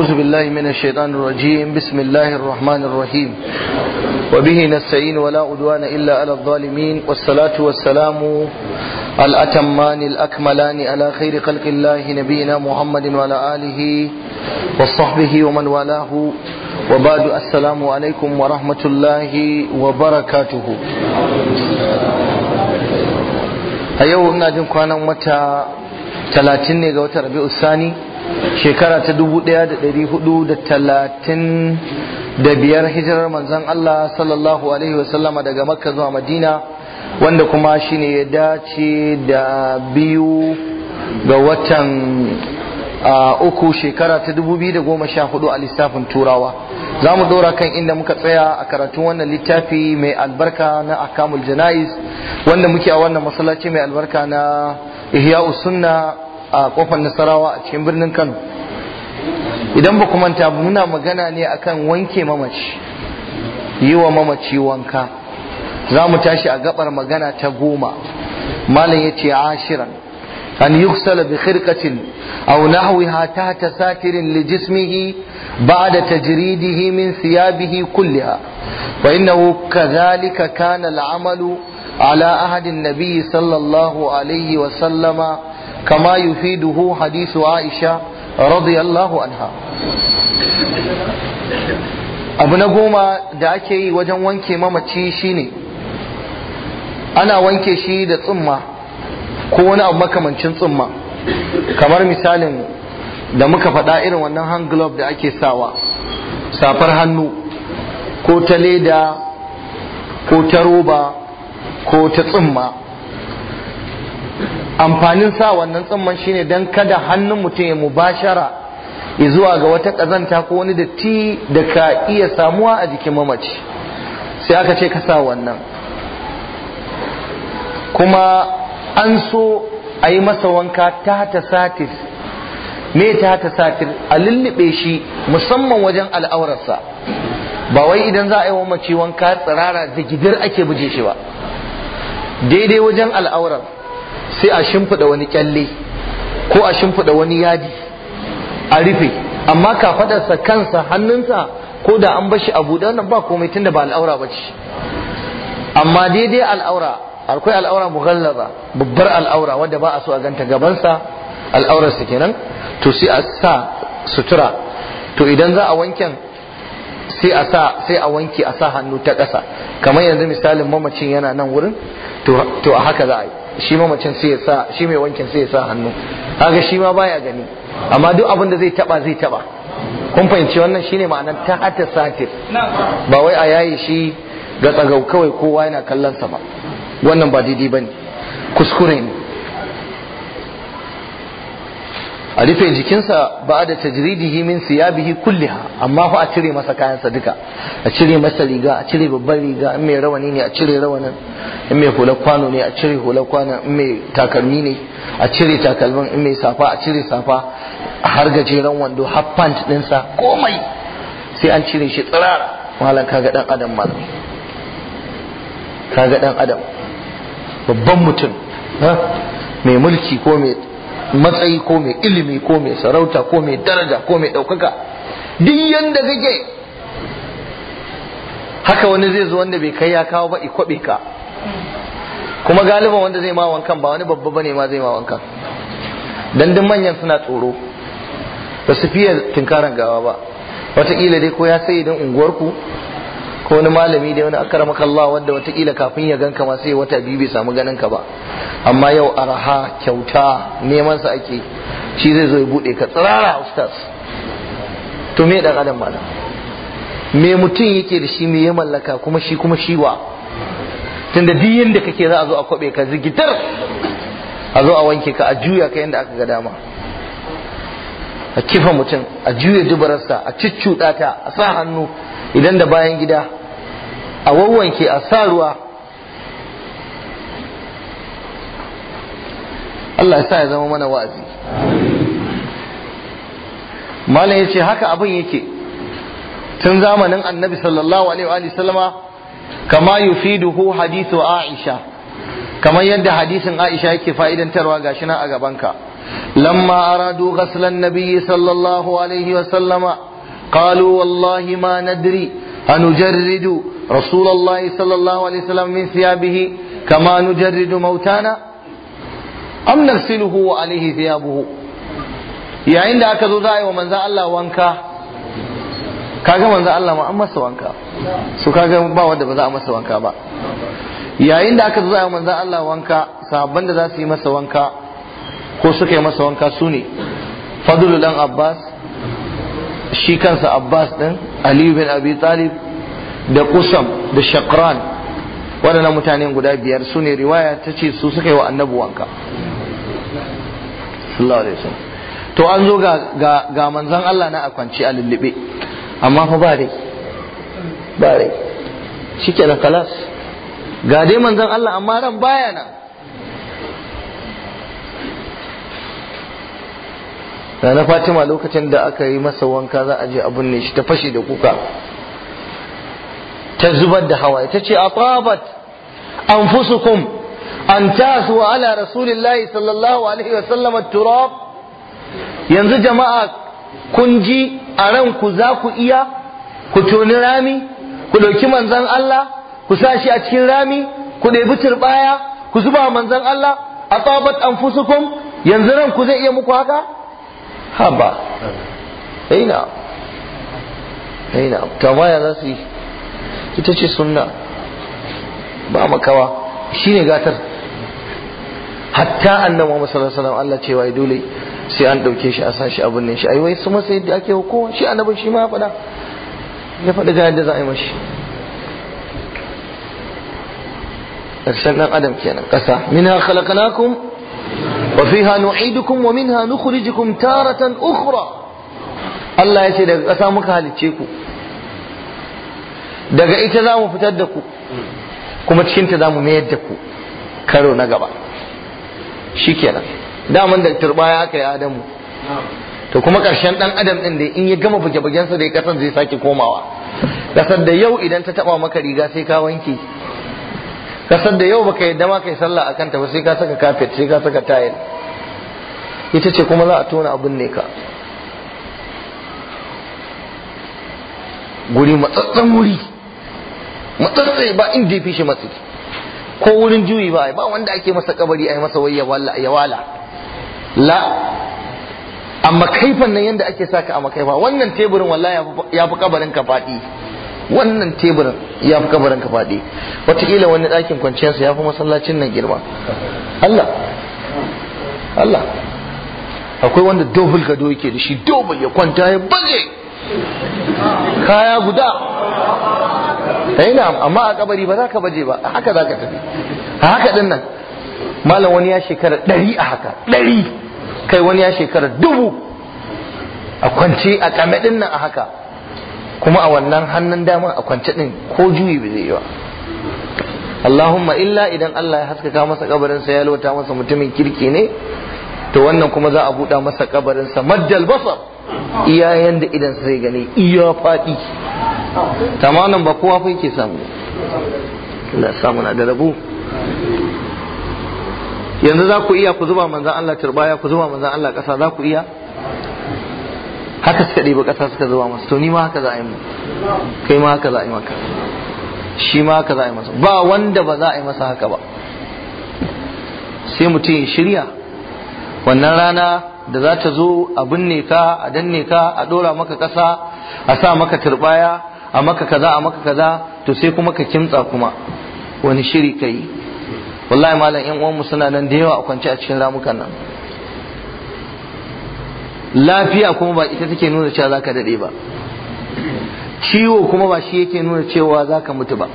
أعوذ بالله من الشيطان الرجيم بسم الله الرحمن الرحيم وبه نستعين ولا أدوان إلا على الظالمين والصلاة والسلام الأتمان الأكملان على خير خلق الله نبينا محمد وعلى آله وصحبه ومن والاه وبعد السلام عليكم ورحمة الله وبركاته أيوه ina jin kwanan wata talatin ne ga watan Rabi'u Sani shekara ta dubu da da da talatin biyar hijirar manzon Allah sallallahu alaihi wasallama daga makka zuwa madina wanda kuma shi ne ya dace da biyu ga watan uku shekara ta dubu biyu da goma sha hudu a lissafin turawa za mu dora kan inda muka tsaya a karatun wannan littafi mai albarka na akamul jana'iz wanda muke a wannan masallaci mai albarka na ihya'u sunna a kofar nasarawa a cikin birnin kano idan ba manta muna magana ne akan wanke mamaci yi wa mamaci wanka za mu tashi a gabar magana ta goma malam ya ce ashiran an yuksala bi khirqatin aw nahwiha tahta satirin li jismihi ba'da tajridihi min thiyabihi kulliha wa innahu kadhalika kana al-amalu ala ahadin nabiy sallallahu alaihi wa sallama kama yufiduhu hadisu aisha radiyallahu anha abu na goma da ake yi wajen wanke mamaci shine ana wanke shi da tsumma ko wani abu makamancin tsumma kamar misalin da muka faɗa irin wannan hand glove da ake sawa safar hannu ko ta leda ko ta roba ko ta tsumma amfanin sa wannan shi shine dan kada hannun mutum ya mubashara zuwa ga wata kazanta ko wani datti da ka iya samuwa a jikin mamaci sai aka ce ka sa wannan kuma an so a yi masa wanka ta ta satir me ta ta satir a lullube shi musamman wajen al'aurarsa ba wai idan za a yi wa mace wanka tsirara da gidir ake buje shi ba daidai wajen al'aurar sai a shimfiɗa wani kyalle ko a shimfiɗa wani yadi a rufe amma sa kansa hannunsa ko da an bashi a da wannan ba komai tunda ba al'aura ba ce amma daidai al'aura akwai al'aura mughallaza babbar al'aura wanda ba a so a ganta gabansa al'aurarsa kenan to sai a sa sutura to idan za a wanken sai a sa sai a wanke a sa hannu ta ƙasa kamar yanzu misalin mamacin yana nan wurin to a haka za a yi shi mace sai ya sa shi mai wankin sai ya sa hannu kaga shi ma baya gani amma duk abin da zai taba zai taba kun fahimci wannan shine ma'anar ta hata satir ba wai a yayi shi ga tsagau kawai kowa yana kallon sa ba wannan ba daidai bane kuskure ne a rufe jikinsa ba da tajridihi min siyabihi kulliha amma fa a cire masa kayansa duka a cire masa riga a cire babban riga in mai rawani ne a cire rawanin in mai hular kwano ne a cire hular kwano in mai takalmi ne a cire takalmin in mai safa a cire safa har gajeren wando har pant dinsa komai sai an cire shi tsirara malam kaga dan adam malam kaga dan adam babban mutum mai mulki ko mai matsayi ko mai ilimi ko mai sarauta ko mai daraja ko mai ɗaukaka duk yanda kake haka wani zai zo wanda bai kai ya kawo ba ikwabe ka kuma galiban wanda zai ma wankan ba wani babba bane ma zai ma wankan dan duk manyan suna tsoro ba su fiye tinkaran gawa ba wataƙila dai ko ya sai idan unguwarku ko wani malami da wani akramaka Allah wanda watakila kafin ya ganka ma sai wata biyu bai samu ganin ka ba amma yau araha kyauta neman sa ake shi zai zo ya bude ka tsirara ustaz to me dan kadan malam me mutum yake da shi me ya mallaka kuma shi kuma shiwa tunda duk yanda kake za a zo a kwabe ka zigitar a zo a wanke ka a juya ka yanda aka ga dama a kifa mutum a juya dubararsa a ciccuɗa ta a sa hannu idan da bayan gida a wawwanke a sa ruwa Allah ya sa ya zama mana wa'azi malam yace haka abin yake tun zamanin annabi sallallahu alaihi wa sallama kama yufiduhu hadithu aisha kamar yadda hadisin aisha yake fa'idantarwa gashi nan a gabanka lamma aradu ghaslan nabiyyi sallallahu alaihi wa sallama qalu wallahi ma nadri أنجرد رسول الله صلى الله عليه وسلم من ثيابه كما نجرد موتانا أم نغسله وعليه ثيابه yayin da aka zo za a yi wa manzan Allah wanka kaga manzan Allah ma an masa wanka su kaga ba wanda ba za a masa wanka ba yayin da aka zo za yi wa manzan Allah wanka sahabban da za su yi masa wanka ko suka yi masa wanka su ne fadlu dan Abbas shi kansa Abbas ɗin. aliyu bin abi talib da kusam da shakran waɗannan mutane guda biyar su ne riwaya ta ce su suka yi wa annabi wanka to an zo ga manzan Allah na a kwanci a lullube amma fa ba dai, ba dai, shi kenan kalas ga dai manzan Allah amma ran baya nan na fatima lokacin da aka yi masa wanka za a je a binne shi ta fashe da kuka ta zubar da hawaye ta ce atabat anfusukum an tasu ala rasulillahi sallallahu alaihi wa sallam turab yanzu jama'a kun ji a ranku za ku iya ku toni rami ku ɗauki manzon Allah ku sa shi a cikin rami ku ɗebi turɓaya ku zuba manzon Allah an anfusukum yanzu ranku zai iya muku haka haba ina ina kama ya za su yi ita ce sunna ba makawa Shi ne gatar hatta annan wa masallallahu Allah cewa ya dole sai an dauke shi a sashi abin nan shi yi wai su masa yadda ake hukuma shi annabi shi ma ya faɗa ya faɗa ga yadda za a yi mashi ƙarshen ɗan adam kenan ƙasa mina khalaqnakum وفيها نعيدكم ومنها نخرجكم تارة أخرى الله يسي daga ƙasa muka halicce ku daga ita za mu fitar da ku kuma cikinta za mu mayar da ku karo na gaba shikenan daman da turbaya aka yi adamu to kuma ƙarshen ɗan adam ɗin da in ya gama buge-bugensa da ya ƙasar zai sake komawa ƙasar da yau idan ta taɓa maka riga sai ka wanke kasar da yau baka yadda ma kai sallah a kanta ba sai ka saka kafet sai ka saka tayil ita ce kuma za a tona abin ne ka guri matsatsan wuri matsatsai ba inda ya fi shi matsi ko wurin juyi ba ba wanda ake masa kabari a yi masa wai ya wala la a makaifan nan yadda ake saka a makaifa wannan teburin wallahi ya fi kabarin ka faɗi wannan teburin ya fi kabarin ka faɗi wataƙila wani ɗakin kwanciyarsa ya fi masallacin nan girma Allah Allah akwai wanda dobul gado yake da shi dobul ya kwanta ya baje kaya guda yi eh, na amma a kabari ba za ka baje ba haka za ka tafi a haka din nan malam wani ya shekara ɗari a haka ɗari kai wani ya shekara dubu a kwance a kame din nan a haka kuma a wannan hannun dama a kwance din ko juyi ba zai yi ba Allahumma illa idan Allah ya haskaka masa kabarin sa ya lota masa mutumin kirki ne to wannan kuma za a buɗa masa kabarin sa maddal basar iya yanda idan sai gani iya faɗi tamanan ba kowa fa yake samu Allah samu na da rabu yanzu za ku iya ku zuba manzan Allah turbaya ku zuba manzan Allah ƙasa za ku iya haka suka ɗeba ƙasa suka zuba masa to ni ma haka za a yi kai ma haka za a yi maka shi ma haka za a yi masa ba wanda ba za a yi masa haka ba sai mutum ya shirya wannan rana da za ta zo a binne ka a danne ka a ɗora maka ƙasa a sa maka turbaya a maka kaza a maka kaza to sai kuma ka kimtsa kuma wani shiri ka yi wallahi malam ƴan uwanmu suna nan da yawa a kwance a cikin ramukan nan lafiya kuma ba ita take nuna cewa zaka dade ba ciwo kuma ba shi yake nuna cewa zaka mutu ba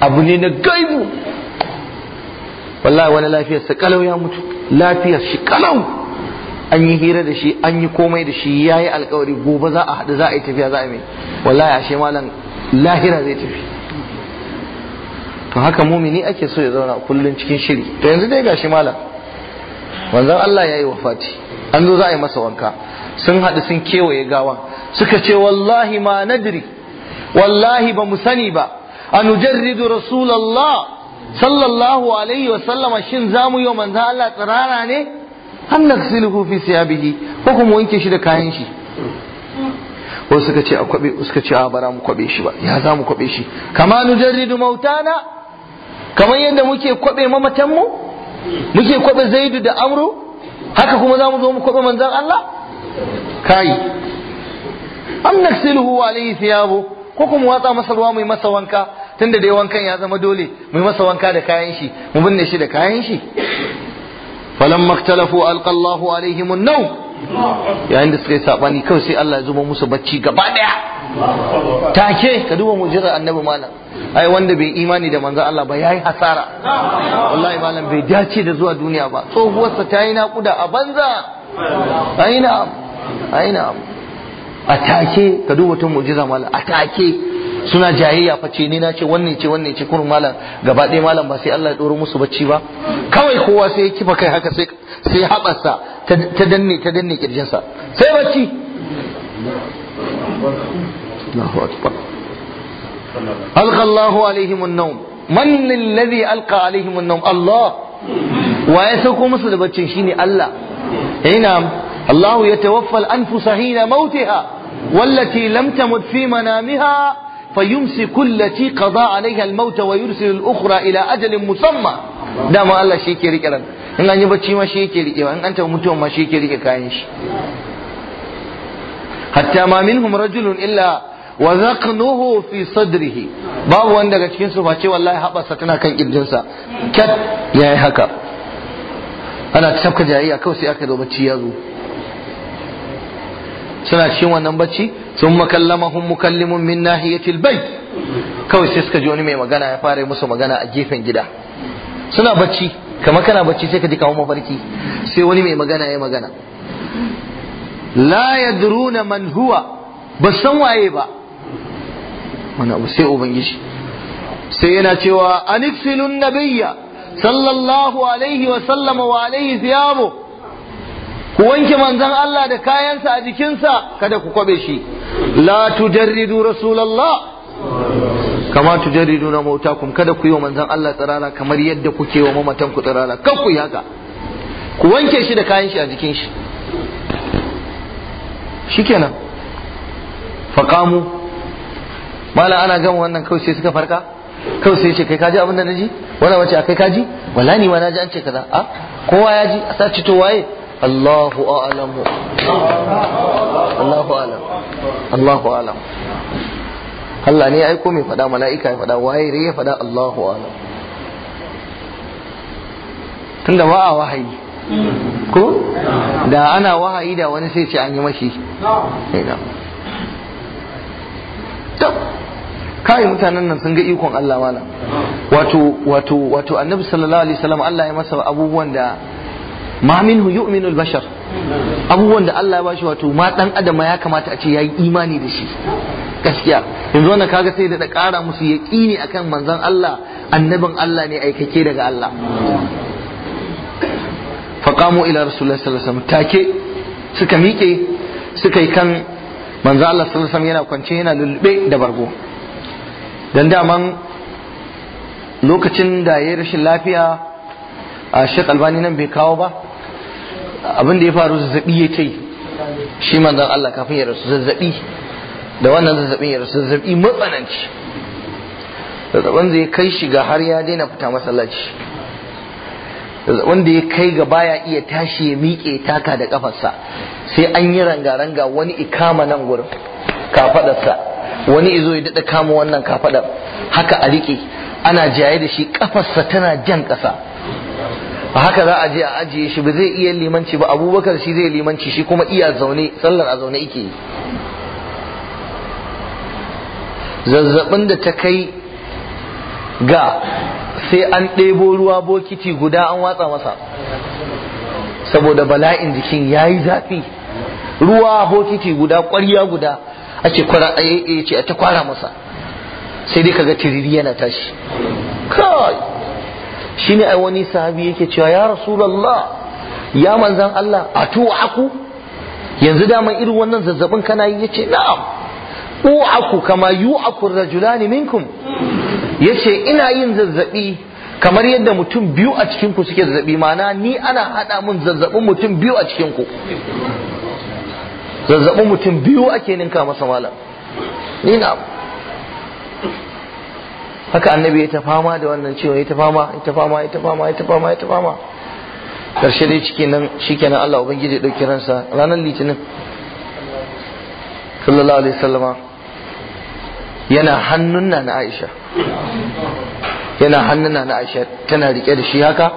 abu ne na gaibu wallahi wani lafiyar sa kalau ya mutu lafiyar shi kalau an yi hira da shi an yi komai da shi ya yi alkawari gobe za a haɗu za a yi tafiya za a mai wallahi ashe malam lahira zai tafi to haka mumini ake so ya zauna kullum cikin shiri to yanzu dai ga shi malam Wanzan Allah ya yi wafati an zo za a yi masa wanka sun haɗu sun kewaye gawan suka ce wallahi ma nadri wallahi ba mu sani ba a nujarridu rasulallah sallallahu alaihi wasallama shin za mu yi wa manzo Allah tsirara ne an naksiluhu fi siyabihi ko kuma wanke shi da kayan shi wasu suka ce a kwabe suka ce a bara mu kwabe shi ba ya za mu kwabe shi kama nujarridu mautana kamar yadda muke kwabe mamatan mu muke kwabe zaidu da amru haka kuma za mu zo mu kwaɓe manzan Allah kai am naksiluhu alayhi thiyabu ko kuma watsa masa ruwa mai masa wanka tunda dai wankan ya zama dole mai masa wanka da kayan shi mu binne shi da kayan shi falam maktalafu alqa Allahu alaihim an-nawm yayin da suka yi sabani kawai sai Allah ya zuba musu bacci gaba daya take ka duba mujira annabi malam ai wanda bai imani da manzo Allah ba yayi hasara wallahi malam bai dace da zuwa duniya ba sa ta yi naƙuda a banza aina aina a take ka duba tun mu'jiza malam a take suna jayayya fa ce ni na ce wannan ce wannan ce kurun malam gaba ɗaya malam ba sai Allah ya ɗoro musu bacci ba kawai kowa sai ya kifa kai haka sai sai haɓarsa ta danne ta danne kirjinsa sai bacci Allahu akbar ألقى الله عليهم النوم من الذي ألقى عليهم النوم الله ويسوكو مصر بتشيني الله نعم الله يتوفى الأنفس حين موتها والتي لم تمت في منامها فيمسك التي قضى عليها الموت ويرسل الأخرى إلى أجل مسمى دام الله شيء كيري كلام إن أن يبتشي ما شيء كيري إن أنت ومتوم ما شيء كيري كاينش حتى ما منهم رجل إلا wa zaqnuhu fi sadrihi babu wanda daga cikin su face wallahi habarsa tana kan kirjinsa kat yayi haka ana tafka jariya kawai sai aka zo bacci ya zo suna cikin wannan bacci sun makallamahum mukallimun min nahiyatil bayt kawai sai suka ji wani mai magana ya fara musu magana a gefen gida suna bacci kamar kana bacci sai ka ji kawo mafarki sai wani mai magana ya magana la yadruna man huwa ba san waye ba wani abu sai ubangiji sai yana cewa anifilun nabiyya sallallahu alaihi wa sallama wa alaihi ziyabu ku wanke manzon Allah da kayansa a jikinsa kada ku kwabe shi la tujarridu rasulullah kama tujarridu na mautakum kada ku yi wa manzon Allah tsarara kamar yadda kuke wa mamatan ku tsarara kan ku yi haka ku wanke shi da kayan shi a jikin shi shikenan faqamu mala ana gama wannan kawai sai suka farka kawai sai ce kai kaji abin da naji wala wace akai kaji wala ni ma naji an ce kaza a ah, kowa ya ji a sace to waye Allahu a'lam Allahu a'lam Allahu a'lam Allah ne ya aiko mai faɗa mala'ika ya faɗa waye re ya faɗa Allahu a'lam tunda ba a wahayi ko da ana wahayi da wani sai ce an yi mashi eh, kai mutanen nan sun ga ikon Allah malam wato wato wato annabi sallallahu alaihi wasallam Allah ya masa abubuwan da ma minhu yu'minul bashar abubuwan da Allah ya bashi wato ma dan adam ya kamata a ce yayi imani da shi gaskiya yanzu wannan kaga sai da ƙara musu yaqini akan manzon Allah annabin Allah ne aikake daga Allah faqamu ila rasulullahi sallallahu alaihi wasallam take suka miƙe suka yi kan manzo Allah sallallahu alaihi wasallam yana kwance yana lulube da bargo don daman lokacin da ya rashin lafiya a shek albani nan bai kawo ba abin da ya faru zazzabi ya ce shi manzan Allah kafin ya rasu zazzabi da wannan zazzabin ya rasu zazzabi matsananci zazzabin zai kai shi ga har ya daina fita masallaci zazzabin da ya kai ga baya iya tashi ya miƙe taka da kafarsa sai an yi ranga-ranga wani ikama nan gurin kafadarsa wani izo ya daɗa kama wannan kafadar haka a riƙe ana jaye da shi kafarsa tana jan ƙasa a haka za a je a ajiye shi ba zai iya limanci ba abubakar shi zai limanci shi kuma iya zaune sallar a zaune ike zazzabin da ta kai ga sai an ɗebo ruwa bokiti guda an watsa masa saboda bala'in jikin ya yi zafi ruwa bokiti guda ƙwarya guda ake kwara ce a ta kwara masa sai dai ka ga tiriri yana tashi kai ne ai wani sahabi yake cewa ya lalla, ya manzan Allah a aku yanzu daman irin wannan zazzabin kana yi yace na'am aku kama yu'aku rajulani minkum yace ina yin zazzabi kamar yadda mutum biyu a cikinku suke zazzabi mana ni ana hada mun zazzabin mutum biyu a cikin ku zazzabin mutum biyu ake ninka masa malam ni na haka annabi ya ta fama da wannan cewa ya ta fama ya ta fama ya ta fama ya ta fama ya ta fama karshe dai shikenan shikenan Allah ubangiji ya dauki ransa ranar litinin sallallahu alaihi sallama yana hannun na na Aisha yana hannun na na Aisha tana rike da shi haka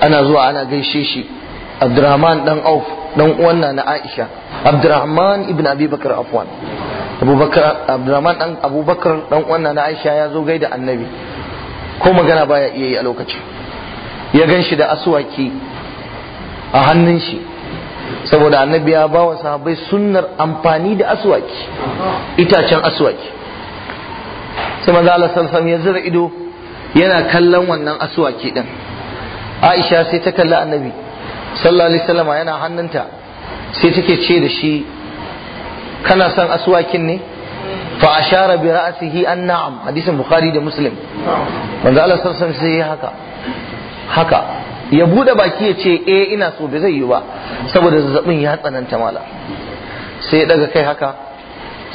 ana zuwa ana gaishe shi Abdurrahman dan Auf dan uwan na Aisha Abdurrahman ibn Abi Bakar afwan Bakar Abdurrahman dan Abubakar dan uwan na Aisha ya zo gaida Annabi ko magana baya iya yi a lokacin ya gan shi da aswaki a hannun shi saboda annabi ya ba wa sahabbai sunnar amfani da aswaki itacen aswaki sai manzo Allah sallallahu ya zira ido yana kallon wannan aswaki din Aisha sai ta kalla annabi sallallahu alaihi wasallam yana hannunta sai take ce da shi kana son aswakin ne fa ashara bi ra'sihi an na'am hadisin bukhari da muslim manzo Allah sallallahu alaihi wasallam sai haka haka ya bude baki ya ce eh ina so bai zai yi ba saboda zazzabin ya tsananta mala sai ya daga kai haka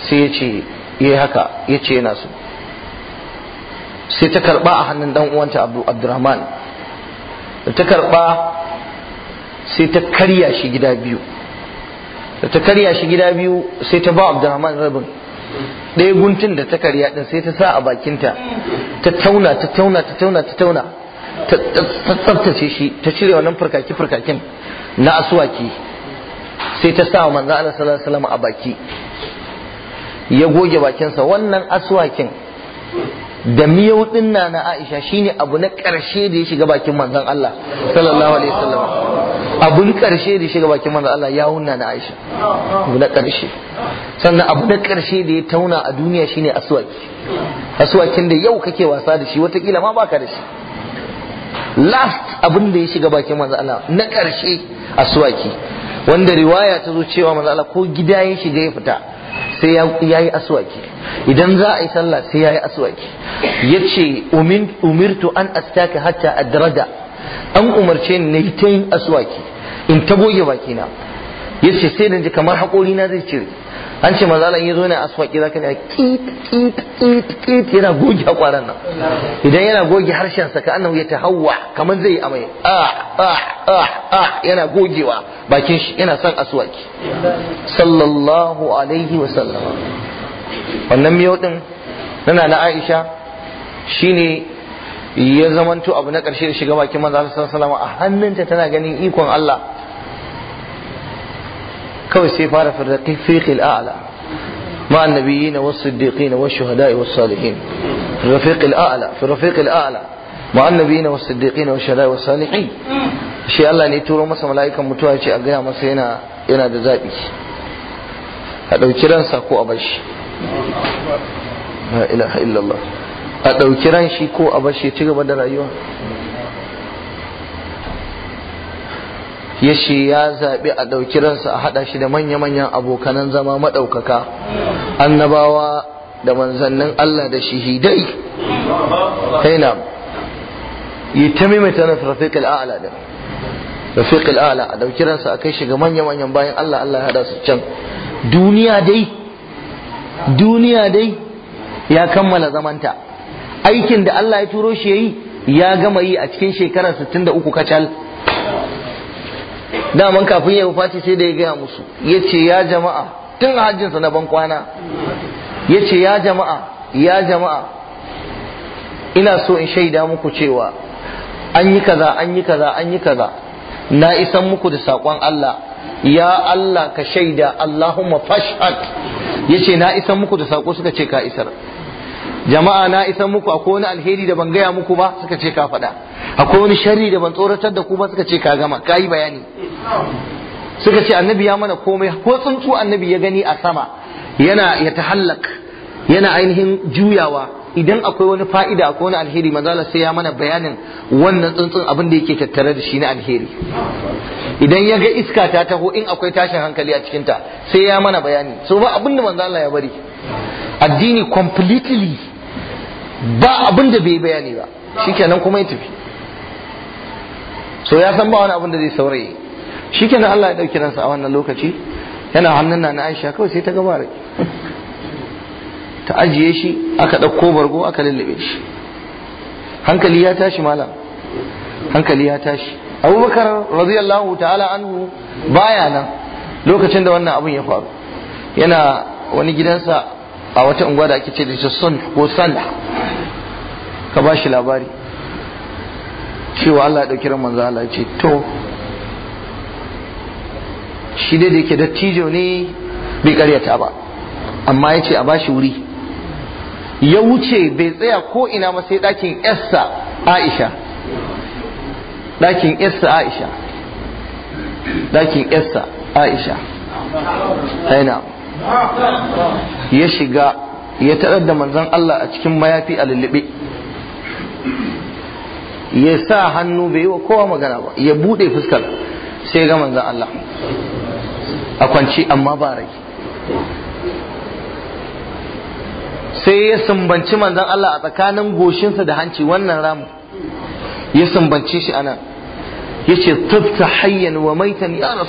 sai ya ce yayi haka ya ce yana so sai ta karba a hannun dan uwanta Abdurrahman ta karba sai ta karya shi gida biyu da ta karya shi gida biyu sai ta ba abdurrahman rabin ɗaya guntun da ta karya ɗin sai ta sa a bakinta ta tauna ta tauna ta tauna ta tauna ta tsaftace shi ta cire wannan farkaki farkakin na asuwaki sai ta sa manzo Allah sallallahu alaihi wasallam a baki ya goge bakinsa wannan aswakin da miyau dinna na Aisha shine abu na ƙarshe da ya shiga bakin manzon Allah sallallahu alaihi wasallam abun karshe da shiga bakin manzo Allah ya wuna na Aisha abu na karshe sannan abu na karshe da ya tauna a duniya shine aswaki aswakin da yau kake wasa da shi watakila ma baka da shi last abun da ya shiga bakin manzo Allah na karshe aswaki wanda riwaya ta zo cewa manzo Allah ko gida ya shiga ya fita sai ya yi aswaki idan za a yi sallah sai ya yi aswaki ya ce umirtu an astaka hatta adrada an umarce ni na ta yin aswaki in ta goge bakina ya ce sai dan ji kamar haƙori na zai cire an ce maza ya zo yana aswaki za ka ne kit kit kit kit yana goge haƙoran nan idan yana goge harshensa ka annahu ya ta hawa kamar zai yi amai a ah, a ah, a ah, a yana gogewa bakin shi yana son aswaki sallallahu alaihi wa sallama wannan miyau din nana na Aisha shine ya zamanto abu na ƙarshe da shiga bakin manzo sallallahu alaihi wa sallama a hannunta tana ganin ikon Allah kawai sai fara firrafiqil a'la ma annabiyina was siddiqina was shuhada'i was salihin firrafiqil a'la firrafiqil a'la ma annabiyina was siddiqina was shuhada'i was salihin shi Allah ne turo masa mala'ikan mutuwa ce a gaya masa yana yana da zabi a dauki ransa ko a bashi la ilaha illallah a dauki ran shi ko a bashi ya ci gaba da rayuwa ya ce ya zaɓi a ɗauki ransa a haɗa shi da manya-manyan abokanan zama maɗaukaka annabawa da manzannin Allah da shihidai kaina yi ta mimita na rafiƙil a'ala da rafiƙil a'ala a ɗauki ransa a kai shiga manya-manyan bayan Allah Allah ya haɗa su can duniya dai duniya dai ya kammala zamanta aikin da Allah ya turo shi ya yi ya gama yi a cikin shekara 63 kacal daman kafin ya Fati sai da ya gaya musu ya ce ya jama'a tun a hajjinsa na bankwana ya ce ya jama'a ya jama'a ina so in shaida muku cewa an yi kaza an yi kaza an yi kaza na isan muku da saƙon Allah ya Allah ka shaida Allahumma fashad ya ce na isan muku da saƙo suka ce ka isar jama'a na isan muku akwai wani alheri da ban gaya muku ba suka ce ka faɗa akwai wani shari da ban tsoratar da ku ba suka ce ka gama ka yi bayani suka ce annabi ya mana komai ko tsuntsu annabi ya gani a sama yana ya tahallak yana ainihin juyawa idan akwai wani fa'ida akwai wani alheri manzala sai ya mana bayanin wannan tsuntsun abin da yake tattare da shi na alheri idan ya ga iska ta taho in akwai tashin hankali a cikinta sai ya mana bayani so ba abin da manzala ya bari addini completely ba abin da bai bayani ba shikenan kuma ya tafi so ya san ba wani abin da zai saurayi shikenan Allah ya dauki ransa a wannan lokaci yana hannun na Aisha kawai sai ta gabara. ta ajiye shi aka ɗauko bargo aka lullube shi hankali ya tashi malam hankali ya tashi abubakar radiyallahu ta'ala anhu baya nan lokacin da wannan abin ya faru yana wani gidansa a wata unguwa da ake ce da shi sun ko san ka ba shi labari cewa Allah ya ɗauki ran manzo Allah ce to shi dai da yake dattijo ne bai karyata ba amma ya ce a ba shi wuri ya wuce bai tsaya ko ina ma sai ɗakin yarsa Aisha ɗakin yarsa Aisha ɗakin yarsa Aisha ya shiga ya tarar da manzan Allah a cikin mayafi a lullube ya sa hannu bai yi wa kowa magana ba ya bude fuskar sai ga manzan Allah a kwanci amma ba rai sai ya sumbanci manzan Allah a tsakanin goshinsa da hanci wannan ramu ya sumbanci shi anan ce tafta hayyan wa maitan ya Allah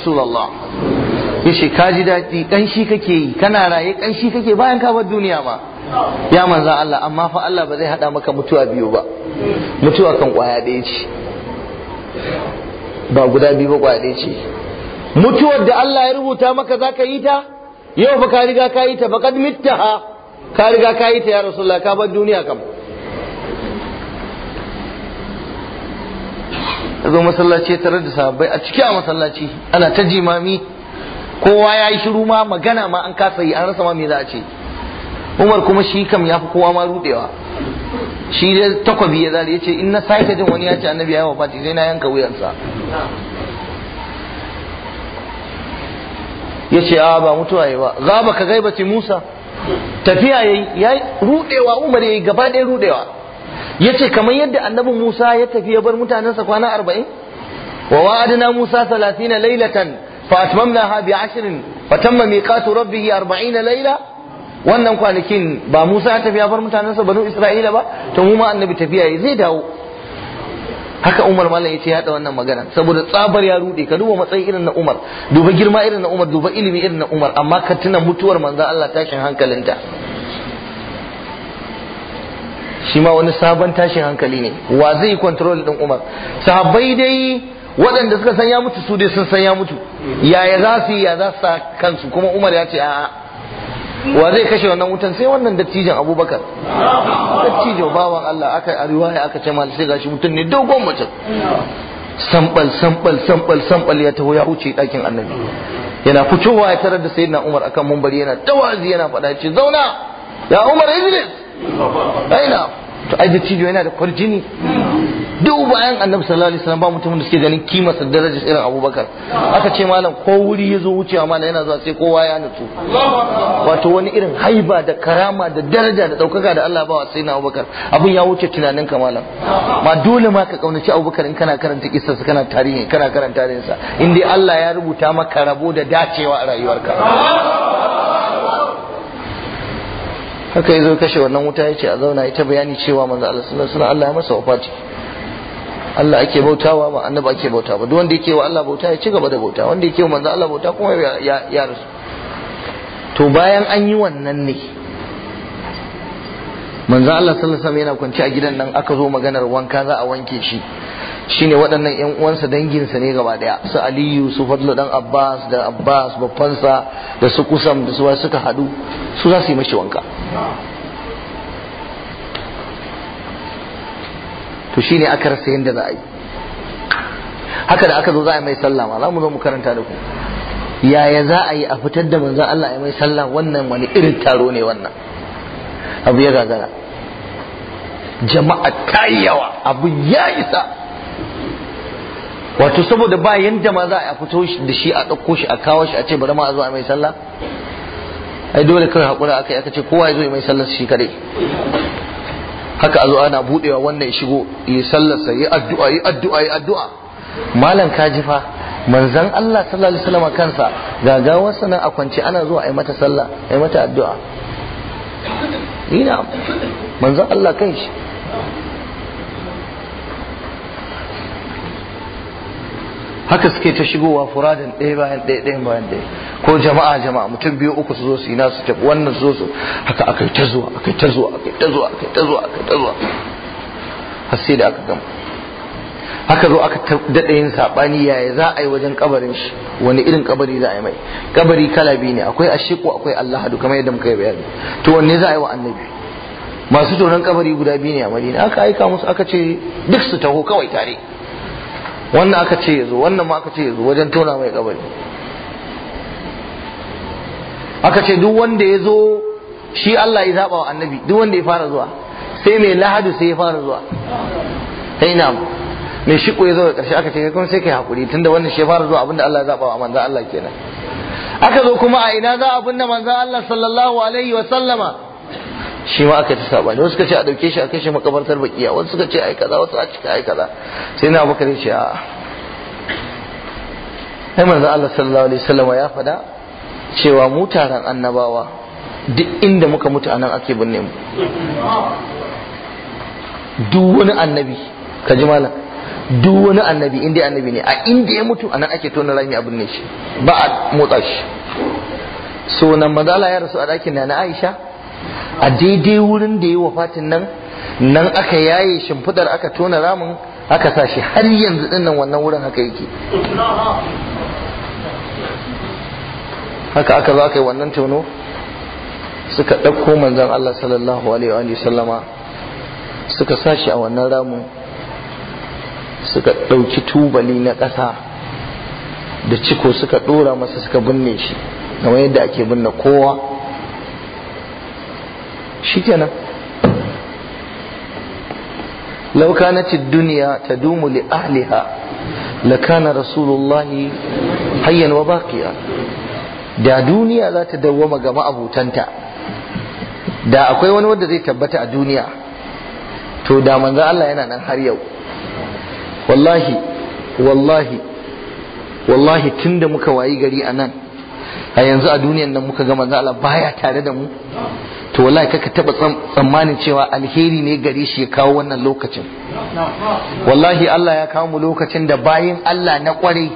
ce ka ji daɗi ƙanshi kake yi kana raye ƙanshi kake bayan ka bar duniya ma ya manzan Allah amma fa Allah ba zai haɗa maka mutuwa biyu ba mutuwa kan ƙwaya ɗaya ce ba guda biyu ba ƙwaya ɗaya ce mutuwar da Allah ya rubuta maka za ka yi ta yau ba ka riga ka yi ta ba kad ha ka riga ka yi ta ya rasulullah ka bar duniya kam zo masallaci tare da sahabbai a ciki a masallaci ana ta jimami kowa ya yi shiru ma magana ma an kasa yi an rasa ma me za a ce umar kuma shi kam ya fi kowa ma rudewa shi da takwabi ya zare ya ce in na sake jin wani ya ce annabi ya yi wafati sai na yanka wuyansa ya ce a ba mutuwa ya ba za ba ka gaibace musa tafiya ya yi rudewa umar ya yi gaba ɗaya rudewa ya ce kamar yadda annabi musa ya tafi ya bar mutanensa kwana arba'in wa wa'adina musa salatina lailatan فأتممناها بعشر فتم ميقات ربه أربعين ليلة wannan kwanakin ba Musa ya tafi ya bar mutanensa banu Isra'ila ba to mu ma annabi tafiya yi zai dawo haka Umar ya yace ya da wannan magana saboda tsabar ya rude ka duba matsayi irin na Umar duba girma irin na Umar duba ilimi irin na Umar amma ka tuna mutuwar manzon Allah tashin ta. shi ma wani sabon tashin hankali ne wa zai control din Umar sahabbai dai waɗanda suka san ya mutu su dai sun san ya mutu yaya za su yi ya za su kansu kuma umar ya ce a'a wa zai kashe wannan wutan sai wannan dattijan abubakar dattijo bawan allah aka a riwaya aka ce mal sai gashi mutum ne dogon mutum sambal sambal sambal sambal ya taho ya wuce ɗakin annabi yana fitowa ya tarar da sayyidina umar akan mumbari yana tawazi yana faɗa ce zauna ya umar idris aina to ai dattijo yana da kwarjini duk bayan annabi sallallahu alaihi wasallam ba mutumin da suke ganin kima sa daraja irin abubakar aka ce malam ko wuri ya zo wucewa malam yana zuwa sai kowa ya nutsu wato wani irin haiba da karama da daraja da daukaka da Allah ba wa sai na abubakar abin ya wuce tunanin ka malam ma dole ma ka kaunaci abubakar in kana karanta kissa sa kana tarihi kana karanta tarihin sa indai Allah ya rubuta maka rabo da dacewa a rayuwarka haka yazo zo kashe wannan wuta yace a zauna ita bayani cewa manzo Allah sallallahu alaihi wasallam Allah ya masa wafati Allah ake bautawa ba annabi ake bauta ba duk wanda yake wa Allah bauta ya ci gaba da bauta wanda yake wa manzo Allah bauta kuma ya ya rasu to bayan an yi wannan ne manzo Allah sallallahu alaihi wasallam yana kwance a gidan nan aka zo maganar wanka za a wanke shi shine waɗannan ƴan uwansa danginsa ne gaba ɗaya su Aliyu su Fadlu dan Abbas da Abbas sa da su Kusam da su suka haɗu su za su yi mashi wanka to shine aka rasa yadda za a yi haka da aka zo za a yi mai sallah ma za mu zo mu karanta da ku yaya za a yi a fitar da manzon Allah ya mai sallah wannan wani irin taro ne wannan abu ya gagara jama'a ta yi yawa abu ya isa wato saboda ba yanda ma za a fito da shi a ɗauko shi a kawo shi a ce bari ma a zo a mai sallah ai dole kawai haƙura aka yi aka ce kowa ya zo mai sallar shi kaɗai haka a zo ana budewa wannan ya shigo ya sallarsa ya addu'a ya addu'a ya addu'a malam kaji fa manzon Allah sallallahu alaihi wasallam kansa gawarsa nan a kwance ana zuwa ai mata sallah ai mata addu'a ina manzon Allah kanshi haka suke ta shigowa furadin ɗaya bayan ɗaya ɗaya bayan ɗaya ko jama'a jama'a mutum biyu uku su zo su yi nasu tafi wannan su zo su haka aka ta zuwa aka ta zuwa aka ta zuwa aka ta zuwa aka ta zuwa har sai da aka gama haka zo aka daɗe yin saɓani yaya za a yi wajen kabarin shi wani irin kabari za a yi mai kabari kala biyu ne akwai ashiku akwai hadu kamar yadda muka yi bayani to wanne za a yi wa annabi masu tonon kabari guda biyu ne a madina aka aika musu aka ce duk su taho kawai tare wannan aka ce ya zo wannan ma aka ce ya zo wajen tona mai kabari aka ce duk wanda ya zo shi Allah ya zaba wa annabi duk wanda ya fara zuwa sai mai lahadu sai ya fara zuwa sai na mai shiko ya zo da karshe aka ce kuma sai kai hakuri tunda wannan shi ya fara zuwa abinda Allah ya zaba wa manzon Allah kenan aka zo kuma a ina za a binne manzon Allah sallallahu alaihi wa sallama shi ma aka ci ne wasu suka ce a dauke shi a kashe shi makabartar bakiya wasu suka ce ai kaza wasu a cika ai kaza sai na abubakar ya ce a ai manzo Allah sallallahu alaihi wasallam ya faɗa cewa mu annabawa duk inda muka mutu anan ake binne mu duk wani annabi ka ji malam duk wani annabi inda annabi ne a inda ya mutu anan ake tona rami abin binne shi ba a motsa shi so nan manzo Allah ya rasu a ɗakin na na Aisha a daidai wurin da ya wafatin nan nan aka yaye shimfidar aka tona ramin aka sa shi har yanzu din nan wannan wurin haka yake haka aka zo yi wannan tono suka ɗauko manzon Allah sallallahu alaihi wa sallama suka sa a wannan ramin suka ɗauki tubali na ƙasa da ciko suka ɗora masa suka binne shi kamar yadda ake binne kowa shikenan لو كانت الدنيا تدوم لأهلها لكان رسول الله حيا وباقيا da duniya za ta dawwama ga ma'abutanta da akwai wani wanda zai tabbata a duniya to da manza Allah yana nan har yau wallahi wallahi wallahi tunda muka wayi gari a nan a yanzu a duniyan nan muka ga manzo Allah baya tare da mu to wallahi kaka taba tsammanin cewa alheri ne gare shi ya kawo wannan lokacin wallahi Allah ya kawo mu lokacin da bayin Allah na kwarai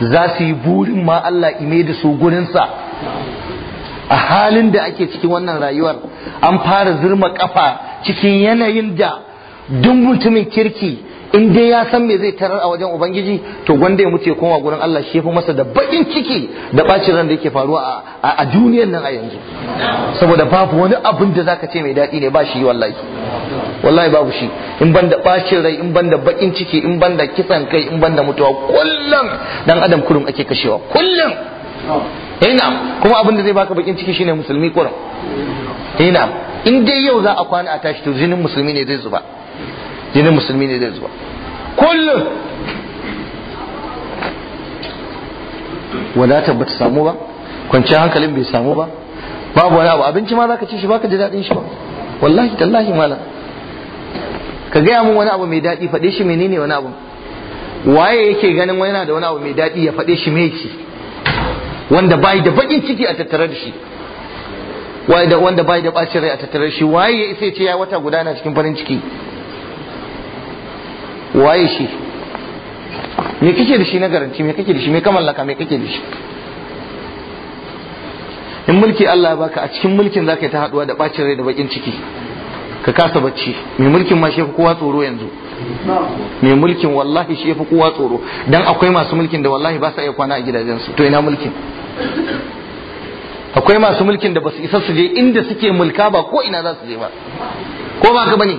za su yi burin ma Allah ime da su gurinsa a halin da ake cikin wannan rayuwar an fara zurma kafa cikin yanayin da duk mutumin kirki in dai ya san me zai tarar a wajen ubangiji to gwanda ya mutu ya koma gurin Allah shi fi masa da bakin ciki da bacin ran da yake faruwa a duniyar nan a yanzu saboda babu wani abin da zaka ce mai daɗi ne ba shi wallahi wallahi babu shi in ban da bacin rai in ban da bakin ciki in ban da kisan kai in ban da mutuwa kullum dan adam kurum ake kashewa kullum ina eh, kuma abin da zai baka bakin ciki shine musulmi kurum ina eh, in dai yau za a kwana a tashi to jinin musulmi ne zai zuba jinin musulmi ne zai zuba kullum wadatar ba ta samu ba kwanciyar hankalin bai samu ba babu wani abu abinci ma zaka ci shi baka ji daɗin shi ba wallahi tallahi mala. ka gaya mun wani abu mai daɗi faɗe shi menene wani abu waye yake ganin wani da wani abu mai daɗi ya faɗe shi mai ci wanda bai da baƙin ciki a tattare da shi wanda bai da ɓacin rai a tattare da shi waye ya isa ce ya wata gudana cikin farin ciki waye shi me kake da shi na garanti me kake da shi me ka mallaka me kake da shi in mulki Allah ya baka a cikin mulkin zaka yi ta haduwa da bacin rai da bakin ciki ka kasa bacci mai mulkin ma shi fi kowa tsoro yanzu mai mulkin wallahi shi fi kowa tsoro dan akwai masu mulkin da wallahi ba sa iya kwana a gidajensu to ina mulkin akwai masu mulkin da ba su isa su je inda suke mulka ba ko ina za su je ba ko ba ka bane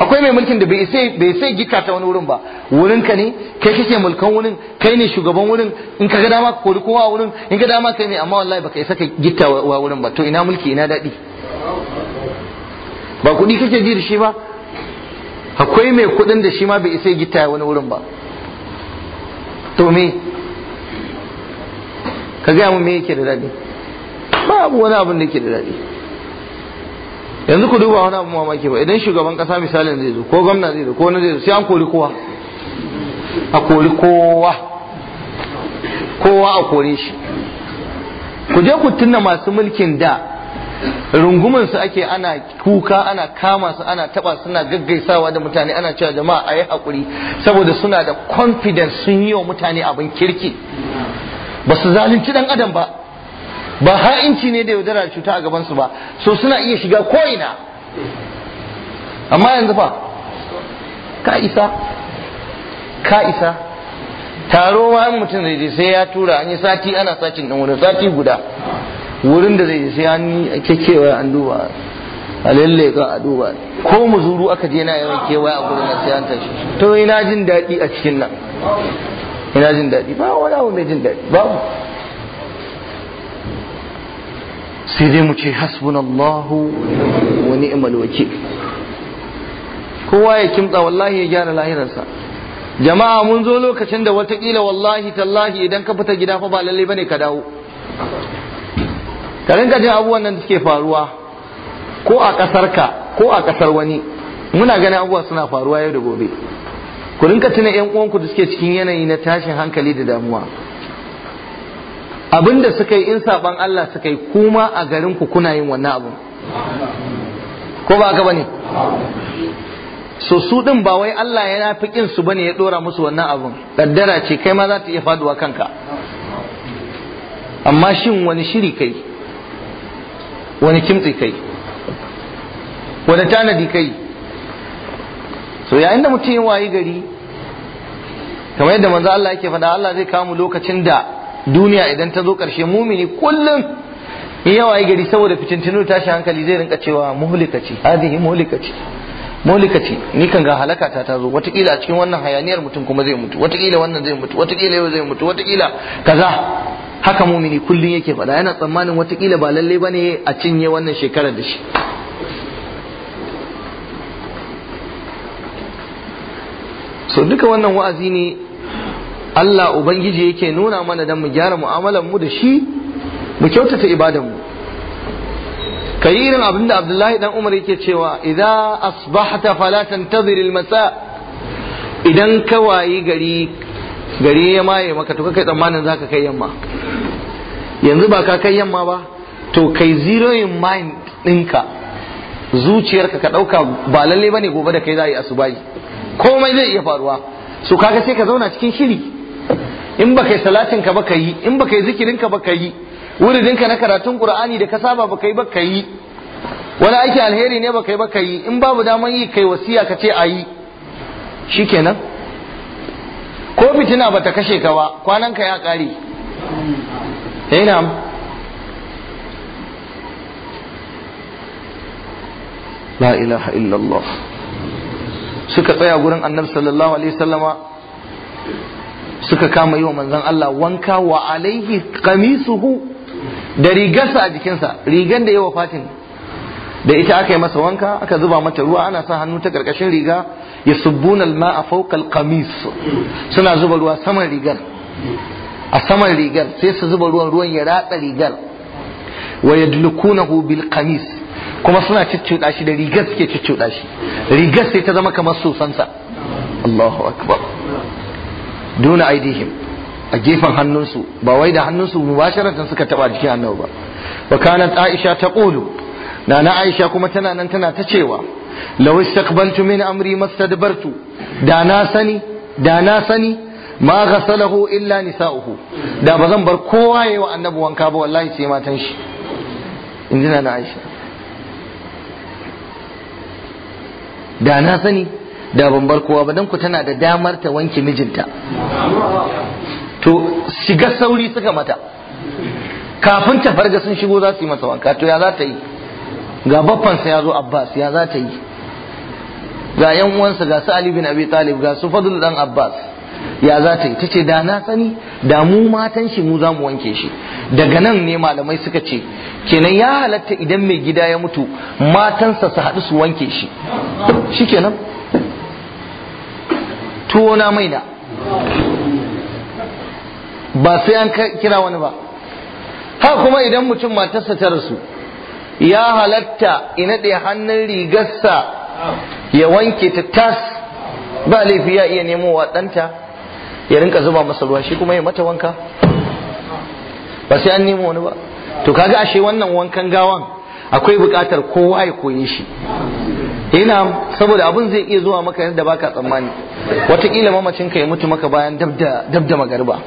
akwai mai mulkin da bai sai gita ta wani wurin ba wurin ka ne kai kake mulkan wurin kai ne shugaban wurin in ka ga dama ka kori kowa wurin in ka dama kai ne amma wallahi baka isa ka gita wa wurin ba to ina mulki ina dadi ba kuɗi kake ji da shi ba akwai mai kuɗin da shi ma bai isa gita wani wurin ba to me ka ga mu me yake da dadi ba wani abin da yake da dadi. yanzu ku duba wani abu mamaki ba idan shugaban kasa misalin zai zo ko gwamna zai zo ko wani zai zo sai an kori kowa a kori kowa kowa a kore shi ku je ku tunna masu mulkin da rungumin su ake ana kuka ana kama su ana taba suna gaggaisawa da mutane ana cewa jama'a a yi hakuri saboda suna da confidence sun yi wa mutane abin kirki ba su zalunci dan adam ba ba ha'inci ne da yaudara cuta a gabansu ba so suna iya shiga ko'ina amma yanzu fa ka isa ka isa taro ma an mutum zai je sai ya tura an yi sati ana sacin dan wurin sati guda wurin da zai je sai an yi kekewa an duba a lalle ka a duba ko muzuru aka je na yawan kewaye a gurin sai an tashi to ina jin daɗi a cikin nan ina jin daɗi ba wani abu mai jin daɗi babu sai dai mu ce hasbunallahu wa ni'mal wakil kowa ya kimtsa wallahi ya gyara lahirarsa jama'a mun zo lokacin da watakila wallahi tallahi idan ka fita gida fa ba lalle bane ka dawo ka rinka jin abubuwan nan da suke faruwa ko a kasar ka ko a kasar wani muna ganin abubuwa suna faruwa yau da gobe ku rinka tuna yan uwanku da suke cikin yanayi na tashin hankali da damuwa abinda suka yi in saban Allah suka yi kuma a garin ku kuna yin wannan abun ko ba haka bane so su din ba wai Allah ya nafi kin su bane ya dora musu wannan abun Kaddara ce kai ma za ta iya faduwa kanka amma shin wani shiri kai wani kimtsi kai wani tanadi kai so yayin da mutum ya wayi gari kamar yadda manzo Allah yake faɗa Allah zai kawo mu lokacin da duniya idan ta zo ƙarshe mumini kullum in yawa gari saboda fitintinu tashi hankali zai rinka cewa muhlika ce hadihi muhlika ce muhlika ce ni kan ga halaka ta ta zo watakila a cikin wannan hayaniyar mutum kuma zai mutu watakila wannan zai mutu watakila yau zai mutu watakila kaza haka mumini kullum yake faɗa yana tsammanin watakila ba lalle bane a cinye wannan shekarar da shi so duka wannan wa'azi ne Allah Ubangiji yake nuna mana don mu gyara mu'amalar mu da shi mu kyautata ibadan mu kai irin abin da Abdullahi dan Umar yake cewa idza asbahta fala tantazir almasa masa idan ka wayi gari gari ya maye maka to kai tsammanin zaka kai yamma yanzu ba ka kai yamma ba to kai zero in mind ɗinka zuciyarka ka ɗauka ba lalle bane gobe da kai za a yi asubahi komai zai iya faruwa su kaga sai ka zauna cikin shiri in baka yi salatin ka baka yi in baka yi zikirin ka baka yi wuridin ka na karatun qur'ani da ka saba baka yi baka yi wani aiki alheri ne baka yi baka yi in babu daman yi kai wasiya ka ce a yi shikenan ko fitina bata kashe ka ba kwanan ka ya kare eh la ilaha illallah suka tsaya gurin annabi sallallahu alaihi wasallama suka kama yi wa manzon Allah wanka wa alaihi kamisuhu da rigarsa a jikinsa rigar da yawa fatin da ita aka yi masa wanka aka zuba mata ruwa ana sa hannu ta karkashin riga ya subbuna a faukar alqamis suna zuba ruwa saman rigar a saman rigar sai su zuba ruwan ruwan ya ratsa rigar wa yadlukunahu bil kamis kuma suna cicciuda shi da rigar suke cicciuda shi rigar sai ta zama kamar sosansa Allahu akbar duna aidihim a gefen hannunsu ba wai da hannunsu mubasharatan suka taba jikin annabi ba wa kanat aisha taqulu nana aisha kuma tana nan tana ta cewa law istaqbaltu min amri mastadbartu da na sani da na sani ma ghasalahu illa nisa'uhu da ba zan bar kowa yayi wa annabi wanka ba wallahi sai matan shi injina na aisha da na sani da ban bar kowa ba don ku tana da damar ta wanke mijinta to shiga sauri suka mata kafin ta farga sun shigo za su yi masa wanka to ya za ta yi ga baffansa ya zo abbas ya za ta yi ga yan uwansa ga su ali bin abi talib ga su fadl dan abbas ya za ta yi ta ce da na sani da mu matan shi mu za mu wanke shi daga nan ne malamai suka ce kenan ya halatta idan mai gida ya mutu matansa su haɗu su wanke shi shikenan tuwo na ba sai an kira wani ba ha kuma idan mutum matarsa ta rasu ya halatta ina ɗaya hannun rigarsa ya wanke ta tas ba laifi ya iya nemo wa ɗanta ya rinka zuba masa ruwa shi kuma ya mata wanka ba sai an nemo wani ba to kaga ashe wannan wankan gawan akwai buƙatar kowa ya koyi shi ina saboda abin zai iya zuwa maka yadda baka tsammani watakila mamacin ka ya mutu maka bayan dab da magarba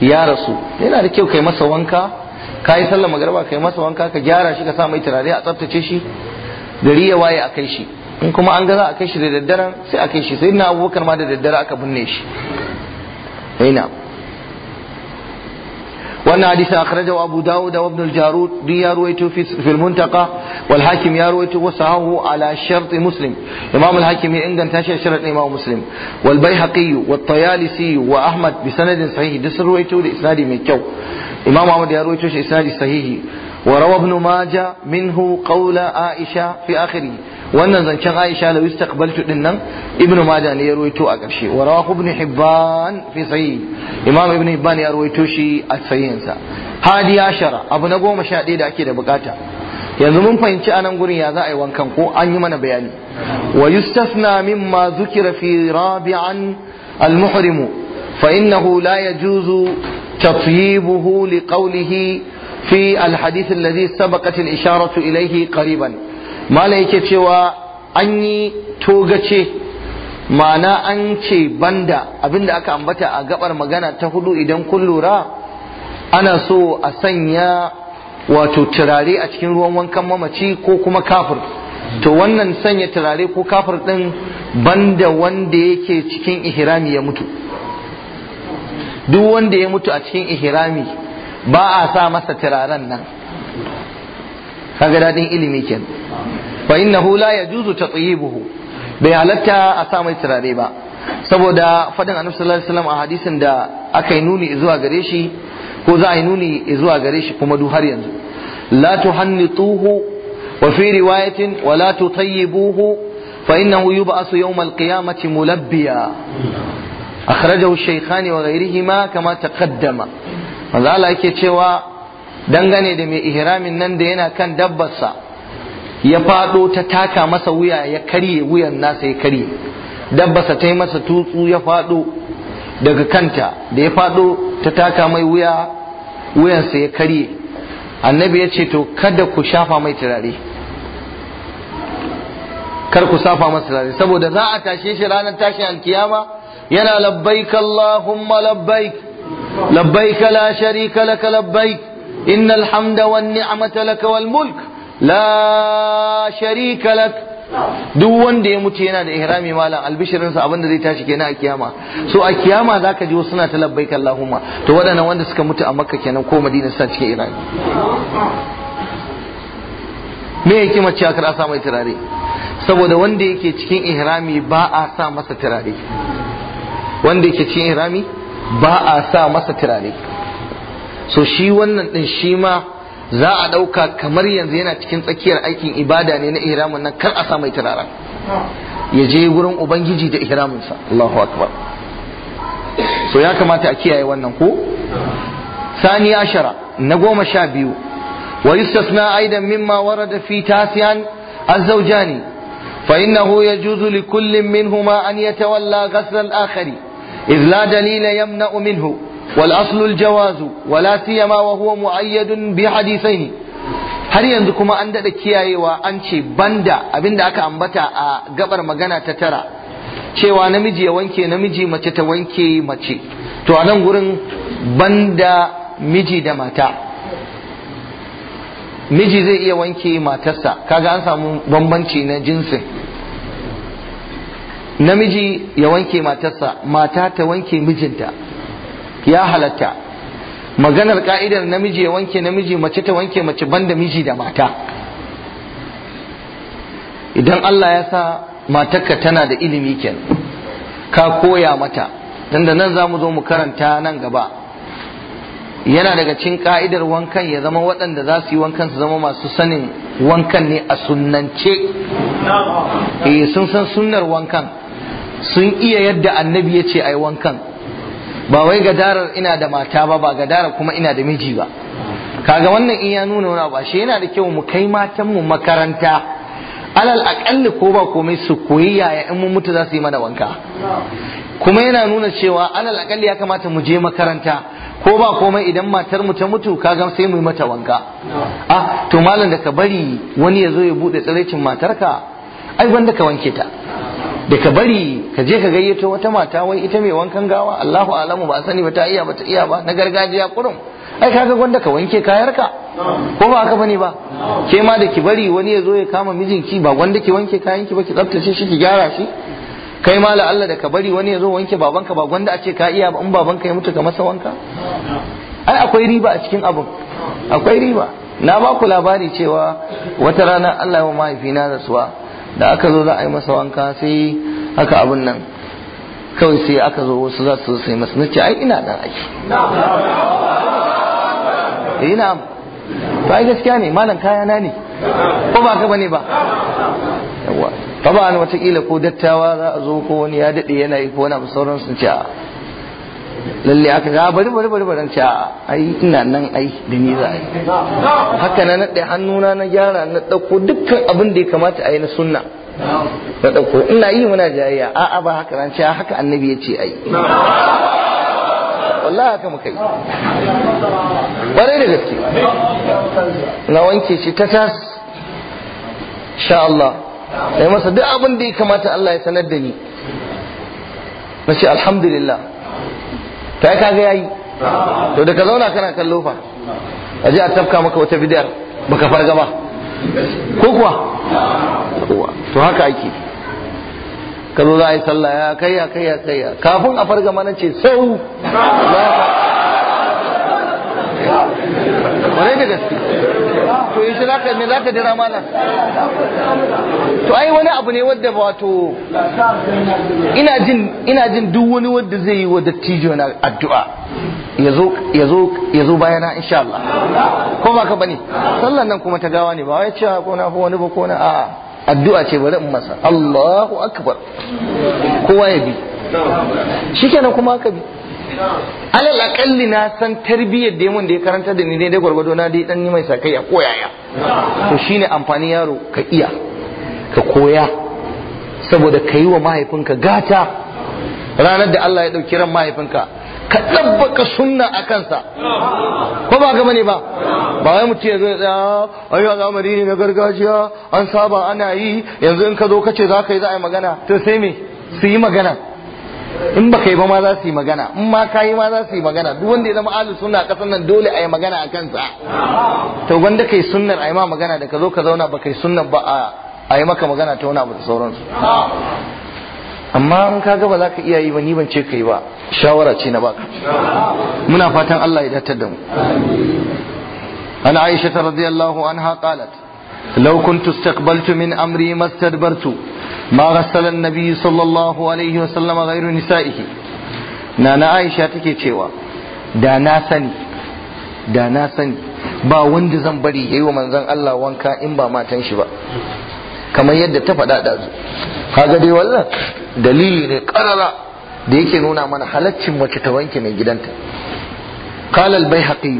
ya rasu yana da kyau kai masa wanka ka yi sallar magarba kai masa wanka ka gyara shi ka sa mai turare a tsaftace shi gari ya waye a kai shi in kuma an ga za a kai shi da daddaren sai a kai shi sai na abubakar ma da daddare aka binne shi ina وأن حديث أخرجه أبو داود وابن الجارود يا رويته في, في المنتقى والحاكم يا رويته وسعه على شرط مسلم إمام الحاكم عند تاشع شرط إمام مسلم والبيهقي والطيالسي وأحمد بسند صحيح دسر رويته لإسناد مكو إمام أحمد يا رويته إسناد صحيح وروى ابن ماجه منه قول عائشة في آخره wannan zancen Aisha la yustaqbaltu din nan Ibn Majah ne ya ruwaito a ƙarshe wa rawahu Ibn Hibban fi sahih Imam Ibn Hibban ya ruwaito shi a sahihinsa hadi ashara abu na goma sha ɗaya da ake da bukata yanzu mun fahimci anan gurin ya za a yi wankan ko an yi mana bayani wa yustasna mimma zukira fi rabi'an al-muhrimu fa innahu la yajuzu tatyibuhu liqawlihi fi al-hadith alladhi sabaqat isharatu ilayhi qariban mala yake cewa an yi togace mana an ce banda abinda aka ambata a gabar magana ta hudu idan kun lura ana so a sanya wato turare a cikin ruwan wankan mamaci ko kuma kafir to wannan sanya turare ko kafir din banda wanda yake cikin ihrami ya mutu duk wanda ya mutu a cikin ihrami ba a sa masa turaren nan kaga dadin ilimi kenan fa innahu la yajuzu tatyibuhu bai halatta a sa mai turare ba saboda fadin annabi sallallahu alaihi a hadisin da aka yi nuni zuwa gare shi ko za a yi nuni zuwa gare shi kuma du har yanzu la tuhannituhu wa fi riwayatin wa la tutayyibuhu fa innahu yub'asu yawm al-qiyamati mulabbiya akhrajahu ash-shaykhani wa ghayrihima kama taqaddama manzo Allah yake cewa dangane da mai ihramin nan da yana kan dabbarsa ya fado ta taka masa wuya ya karye wuyan nasa ya karye dabbasa ta yi masa tutsu ya fado daga kanta da ya fado ta taka mai wuya wuyansa ya karye annabi ya ce to kada ku shafa mai turare kar ku safa masa turare saboda za a tashe shi ranar tashi alkiyama yana labbaik Allahumma labbaik labbaik la sharika laka labbaik innal hamda wan ni'mata laka wal mulk la sharika lak duk wanda ya mutu yana da ihrami malam albishirinsa abinda zai tashi kenan a kiyama so a kiyama zaka ji suna ta labbaika allahumma to waɗannan wanda suka mutu a makka kenan ko madina suna cikin irami me ya cewa a sa mai turare saboda wanda yake cikin ihrami ba a sa masa turare wanda yake cikin ihrami ba a sa masa turare so shi wannan din shi ma za a ɗauka kamar yanzu yana cikin tsakiyar aikin ibada ne na ihramin nan kar a sa mai turaren ya je wurin ubangiji da ihraminsa Allahu akbar so ya kamata a kiyaye wannan ko sani ashara na goma sha biyu wa yustasna aidan mimma warada fi tasiyan azwajani fa innahu yajuzu li kullin minhuma an yatawalla ghasl al-akhari idh la dalila yamna'u minhu والأصل الجواز ولا سيما وهو مؤيد بحديثين har yanzu kuma an daɗa kiyayewa an ce banda abinda aka ambata a gabar magana ta tara cewa namiji ya wanke namiji mace ta wanke mace to a nan gurin banda miji da mata miji zai iya wanke matarsa kaga an samu bambanci na jinsin namiji ya wanke matarsa mata ta wanke mijinta ya halatta maganar ka'idar namiji ya wanke namiji mace ta wanke mace banda miji da mata idan Allah ya sa matarka tana da ilimi kenan ka koya mata dan da nan zamu zo mu karanta nan gaba yana daga cikin ka'idar wankan ya zama waɗanda za su yi wankan su zama masu sanin wankan ne a sunnance eh, sun san sunnar wankan sun iya yadda annabi ya ce ai wankan ba wai gadarar ina da mata ba ba gadarar kuma ina da miji ba kaga wannan in ya nuna wani abu yana da kyau mu kai matan mu makaranta alal akalli ko ba komai su koyi yaya in mun mutu za su yi mana wanka kuma yana nuna cewa alal akalli ya kamata mu je makaranta ko ba komai idan matar mu ta mutu kaga sai mu yi mata wanka ah to malam da ka bari wani ya zo ya bude tsiraicin matarka ai wanda ka wanke ta da ka bari ka je ka gayyato wata mata wai ita mai wankan gawa Allahu alamu ba a sani ba ta iya ba ta iya ba na gargajiya kurum ai kaga gwanda ka wanke kayarka ko ba haka bane ba ke ma da ki bari wani ya zo ya kama mijinki ba gwanda ki wanke kayanki ba ki tsaftace shi ki gyara shi kai ma la Allah da ka bari wani ya zo wanke babanka ba gwanda a ce ka iya ba in babanka ya mutu ka masa wanka ai akwai riba a cikin abin akwai riba na ba ku labari cewa wata rana Allah ya mahaifina rasuwa da aka zo za a yi masa wanka sai aka abin nan kawai sai aka zo wasu za su sai masu nace ai ina dan aiki ina eh, to ai gaskiya ne malam kaya na ne ko ba ka bane ba yawa ba wata kila ko dattawa za a zo ko wani ya dade yana yi ko wani abu sauransu ce a lalle aka ga ah, bari bari bari bari ce ai ina nan ai da ni za a yi haka na naɗe hannuna na gyara na ɗauko dukkan abin da ya kamata a yi na sunna na ɗauko ina yi muna jayayya a'a ba haka nan ce ah, haka annabi ya ce ai wallahi haka muka yi ƙwarai da gaske na wanke shi ta tas sha Allah na masa duk abin da ya kamata Allah ya sanar da ni na ce alhamdulillah ta yi kaga yayi to da ka zauna kana kallo fa a ji a tafka maka wata bidiyar baka farga ba ko kuwa to haka ake ka zo za a yi sallah ya kai ya kai ya kai ya kafin a farga mana ce sau wane da gaske to yanzu zaka me zaka dira malam to ai wani abu ne wadda ba wato ina jin ina jin duk wani wadda zai yi wa dattijo na addu'a yazo yazo yazo bayana insha Allah ko ba ka bane sallan nan kuma ta gawa ne ba wai cewa ko na wani ba ko na a'a addu'a ce bari in masa Allahu akbar kowa ya bi shikenan kuma ka bi alal akalli na san tarbiyyar da mun da ya karanta da ni dai dai gwargwado na dai dan yi mai sakai a koyaya to shine amfani yaro ka iya ka koya saboda ka yi wa mahaifinka gata ranar da Allah ya ɗauki ran mahaifinka ka ɗabbaka sunna a kansa ko ba ga bane ba ba wai mutum ya zo ya ayi al'amari ne na gargajiya an saba ana yi yanzu in ka zo ka ce za ka yi za a yi magana to sai me su yi magana in baka yi ba ma za su yi magana in ma ka yi ma za su yi magana duk wanda ya zama ahlus sunna kasan nan dole a yi magana a kansa to wanda kai sunnar a yi ma magana da ka zo ka zauna ba kai sunnar ba a yi maka magana ta wani abu da sauransu amma in ka ga ba za ka iya yi ba ni ban ce ka yi ba shawara ce na baka muna fatan Allah ya datar da mu an aisha radiyallahu anha qalat لو كنت استقبلت من أمري ما استدبرت ما غسل النبي صلى الله عليه وسلم غير نسائه نانا عائشة تكي cewa da na sani da na sani ba wanda zan bari yayi wa manzan Allah wanka in ba matan shi ba kamar yadda ta faɗa da kaga dai wannan dalili ne karara da yake nuna mana halaccin mace ta wanke mai gidanta qala al-baihaqi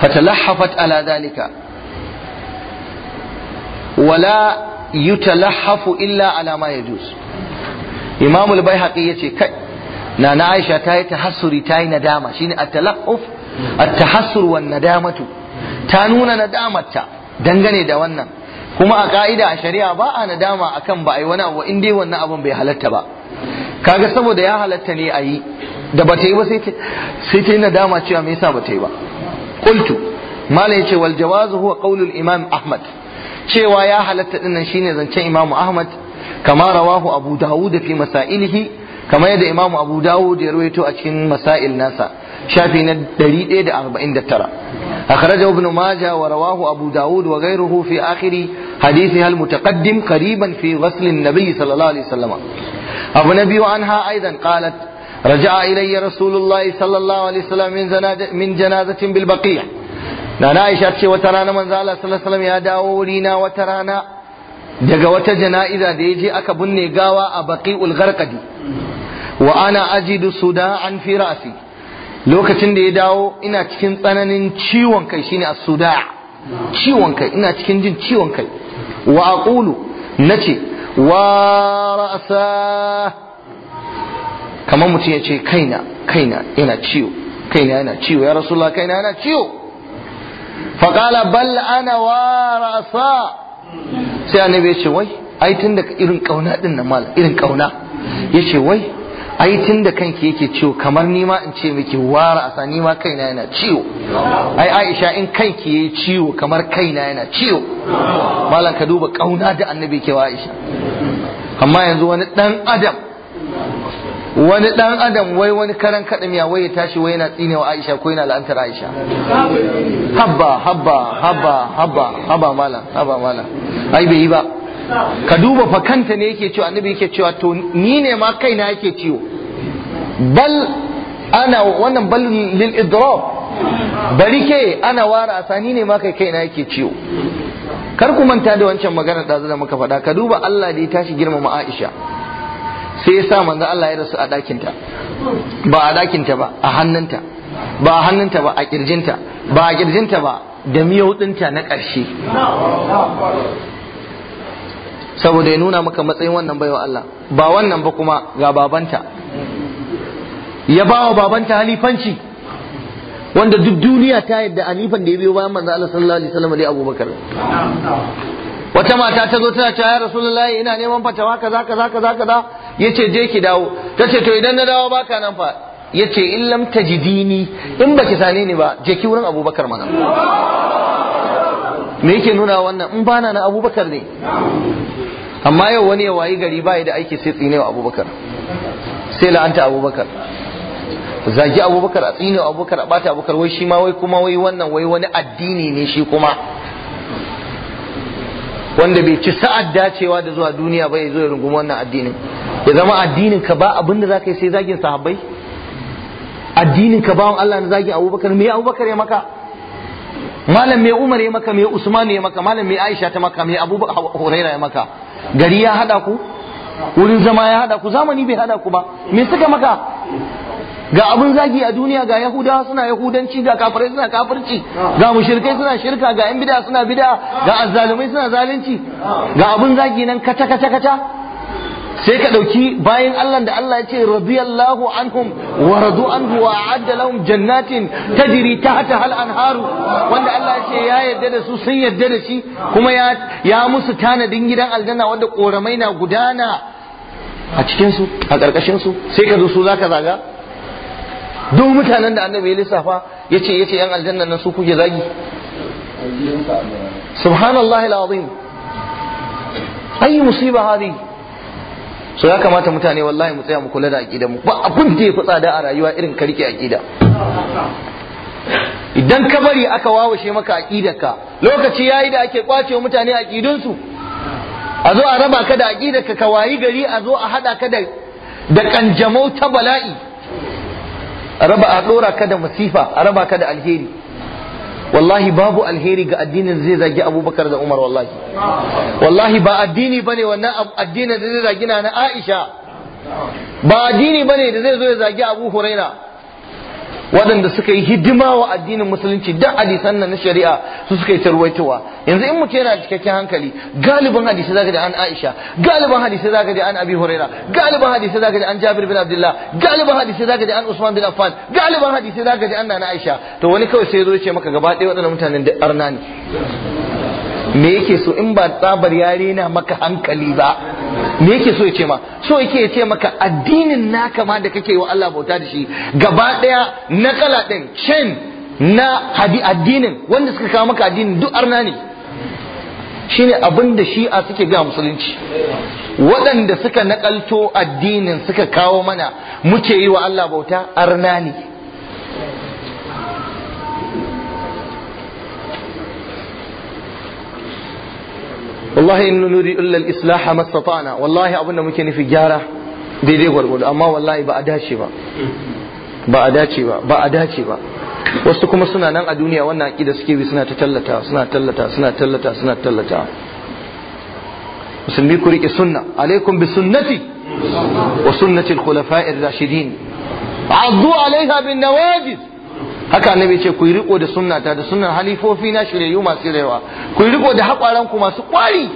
fatalahafat ala zalika. wala yutalahhafu illa alama ya yajuz imam al-baihaqi ce kai na aisha ta yi tahassuri ta yi nadama shine at-talahhuf at-tahassur wan nadamatu ta nuna nadamarta dangane da wannan kuma a ka'ida a shari'a ba a nadama akan ba a yi wani abu in dai wannan abun bai halatta ba kaga saboda ya halarta ne a yi da ba ta yi ba sai ta yi nadama cewa me yasa bata yi ba qultu malai ce wal jawazu huwa qaulul imam ahmad cewa ya halatta dinnan shine zancen Imam Ahmad kama rawahu Abu Dawud fi masailihi kamar yadda Imam Abu Dawud ya rawaito a cikin masail nasa shafi na 149 akhrajahu Ibn Majah wa rawahu Abu Dawud wa ghayruhu fi akhiri hadithihi al-mutaqaddim qariban fi ghusl an-nabi sallallahu alaihi wasallam Abu Nabi anha aidan qalat رجع إلي رسول الله صلى الله عليه وسلم من جنازة بالبقيع nana aisha ce wata rana manzo Allah sallallahu alaihi ya dawo wurina wata rana daga wata jana'iza da yaje aka binne gawa a baqiul gharqadi wa ana ajidu suda'an fi ra'si lokacin da ya dawo ina cikin tsananin ciwon kai shine as-suda' ciwon kai ina cikin jin ciwon kai wa aqulu nace wa ra'sa kamar mutum ya ce kaina kaina yana ciwo kaina yana ciwo ya rasulullah kaina yana ciwo faƙala bal ana warasa sai annabi ya ce wai ai tun da irin ƙauna ɗin na mal irin ƙauna ya ce wai ai tun da kanki yake ciwo kamar nima in ce miki wara asa nima kaina yana ciwo ai aisha in kanki yayi ciwo kamar kaina yana ciwo malam ka duba ƙauna da annabi ke wa aisha amma yanzu wani ɗan adam wani dan adam wai wani karan kadamiya wai ya tashi wai yana tsinewa Aisha ko yana la'antar Aisha habba habba habba habba habba malam habba malam ai bai yi ba ka duba fa kanta ne yake cewa annabi yake cewa to ni ne ma kaina yake ciwo bal ana wannan bal lil idrab bari ke ana wara asani ne ma kai kaina yake ciwo kar ku manta da wancan magana da da muka faɗa ka duba Allah da ya tashi girmama Aisha sai ya sa manzo Allah ya rasu a dakinta ba a dakinta ba a hannunta ba a hannunta ba a kirjinta ba a kirjinta ba da miyauɗinta na ƙarshe saboda ya nuna maka matsayin wannan baiwa Allah ba wannan ba kuma ga babanta ya ba wa babanta halifanci wanda duk duniya ta yadda halifan da ya biyo bayan manzo Allah sallallahu alaihi wasallam da Abubakar wata mata ta zo tana cewa ya rasulullahi ina neman fatawa kaza kaza kaza kaza yace je ki dawo tace to idan na dawo baka nan fa yace in lam tajidini in baki sane ni ba je ki wurin Abubakar mana me yake nuna wannan in bana na Abubakar ne amma yau wani ya wayi gari ba da aiki sai tsinewa Abubakar sai la'anta Abubakar zagi abubakar a tsine abubakar a bata abubakar wai shi ma wai kuma wai wannan wai wani addini ne shi kuma wanda bai ci sa'ad dacewa da zuwa duniya ba ya zo ya rungumi wannan addinin ya zama addinin ka ba abin da zaka yi sai zagin sahabbai addinin ka ba wa Allah na zagin Abubakar me Abubakar ya maka malam me Umar ya maka me Usman ya maka malam me Aisha ta maka me Abu Huraira ya maka gari ya hada ku wurin zama ya hada ku zamani bai hada ku ba me suka maka ga abin zagi a duniya ga yahudawa suna yahudanci ga kafirai suna kafirci ga mushrikai suna shirka ga yan bid'a suna bid'a ga azzalumai suna zalunci ga abin zagi nan kata kata kata sai ka ɗauki bayan Allah da Allah ya ce radiyallahu anhum wa radu anhu wa a'adda lahum jannatin tajri tahta hal anharu wanda Allah ya ce ya yarda da su sun yarda da shi kuma ya ya musu tanadin gidan aljanna wanda koramai na gudana a cikin su a karkashin su sai ka zo su zaka zaga duk mutanen da annabi ya lissafa ya ya yace yan aljanna nan su kuke zagi subhanallah alazim ayi musiba hadi so ya kamata mutane wallahi mu tsaya mu kula da aqida mu ba abun da ya fi tsada a rayuwa irin ka rike aqida idan ka bari aka wawashe maka aqidarka lokaci yayi da ake kwace mutane aqidunsu a zo a raba ka da aqidarka ka wayi gari a zo a hada ka da da kanjamau ta bala'i a raba a dora ka da masifa a raba ka da alheri wallahi babu alheri ga addinin zai zagi abubakar da umar wallahi wallahi ba addini bane wannan addinin da zai zagi na aisha ba addini bane da zai zo ya zagi abu huraira waɗanda suka yi hidima wa addinin musulunci duk hadisan nan na shari'a su suka yi tarwaitowa yanzu in mutum yana cikakken hankali galibin hadisi zaka ji an Aisha galibin hadisi zaka ji an Abi Huraira galibin hadisi zaka ji an Jabir bin Abdullah galibin hadisi zaka ji an Usman bin Affan galibin hadisi zaka ji an Nana Aisha to wani kawai sai ya zo ya ce maka gaba ɗaya waɗannan mutanen da arna ne me yake so in ba tsabar yare na maka hankali ba me yake so ya ce ma so yake ya ce maka addinin na kama da kake wa Allah bauta da shi gaba daya na kala din chain na hadi addinin wanda suka kawo maka addinin duk arna ne shine abin da shi'a suke ga musulunci waɗanda suka nakalto addinin suka kawo mana muke yi wa Allah bauta arna ne wallahi nnuri nuri islaha al-islah ma stata'na wallahi abinda muke nufi gyara daidai gwargwado amma wallahi ba a dace ba ba a dace ba ba a dace ba wasu kuma suna nan a duniya wannan aqida suke bi suna ta tallata suna tallata suna tallata suna tallata musulmi ku rike sunna alaikum bi sunnati wa sunnati al-khulafa'i ar-rashidin addu alaiha bin nawajid haka annabi ce ku yi riko da sunnata da sunnar halifofi na shiryayyu masu rewa ku yi riko da haƙwaran ku masu ƙwari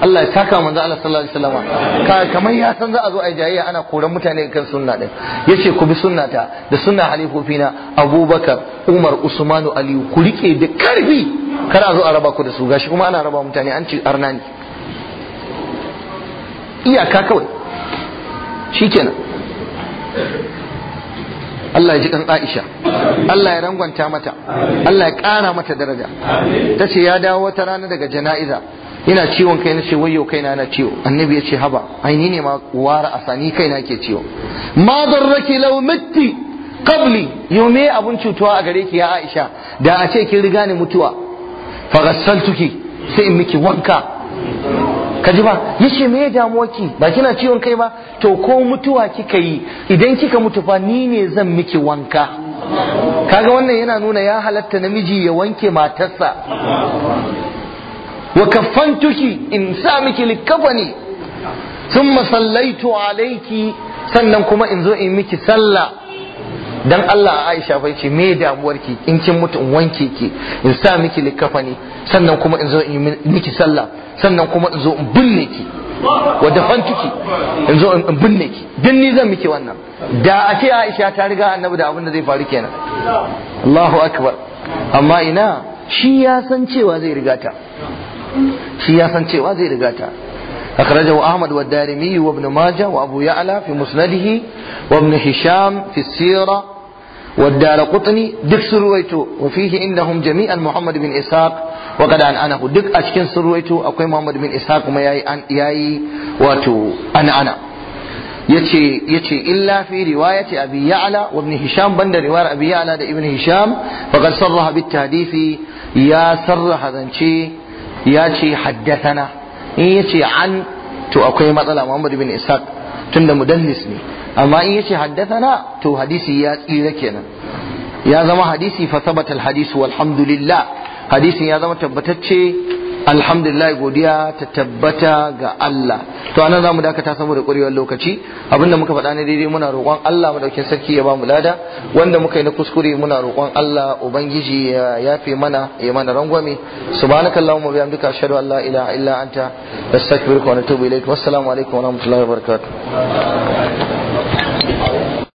Allah ya saka manzo Allah sallallahu alaihi wasallam ka kamar ya san za a zo a jayayya ana koran mutane kan sunna din yace ku bi sunnata da sunnar halifofi na Abubakar Umar Usmanu Ali ku rike da karfi kar a zo a raba ku da su gashi kuma ana raba mutane an ci arnani iyaka kawai shikenan Allah ya ji kan Aisha Allah ya rangwanta mata Allah ya ƙara mata daraja tace ya dawo wata rana daga jana'iza ina ciwon kai na ce wayyo kaina na ciwo annabi ya ce haba ai ni ne ma wara asani kaina ke ciwo ma darraki law mitti qabli yume abun cutuwa a gare ki ya Aisha da a ce kin riga ni mutuwa fa ghassaltuki sai in miki wanka kaji ba yace me ya damuwa ki ba kina ciwon kai ba to ko mutuwa kika yi idan kika mutu fa ni ne zan miki wanka kaga wannan yana nuna ya halatta namiji ya wanke matarsa wa tuki in sa miki likafani thumma sallaitu alayki sannan kuma in zo in miki sallah dan Allah Aisha fa ce me ki in kin mutu in wanke ki in sa miki likafani sannan kuma in zo in miki sallah sannan kuma in zo in binne ki wa dafantuki in zo in binne ki din ni zan miki wannan da a ce Aisha ta riga annabi da abin da zai faru kenan Allahu akbar amma ina shi ya san cewa zai riga shi ya san cewa zai riga ta أخرجه أحمد والدارمي وابن ماجه وأبو يعلى في مسنده وابن هشام في السيرة والدار قطني دك سرويتو وفيه إنهم جميعا محمد بن إسحاق وقد عن أنا دك أشكن سرويتو أقوي محمد بن إسحاق وما ياي أن ياي واتو أنا أنا يتي يتي إلا في رواية أبي يعلى وابن هشام بند رواية أبي يعلى ابن هشام فقد صرح بالتهديف يا سر هذا يا حدثنا in yace an to akwai matsala Muhammad bin Ishaq tunda mudallis ne amma in yace haddathana to hadisi ya tsira kenan ya zama hadisi fa sabata al walhamdulillah hadisin ya zama tabbatacce alhamdulillah godiya ta tabbata ga Allah to anan zamu dakata saboda ƙwarewar lokaci abinda muka faɗa ne daidai muna roƙon Allah madaukin sarki ya bamu lada wanda muka yi na kuskure muna roƙon Allah ubangiji ya yafe mana ya mana rangwame subhanakallahumma wa bihamdika ashhadu an la ilaha illa anta astaghfiruka wa atubu ilaik wassalamu alaikum wa rahmatullahi wa barakatuh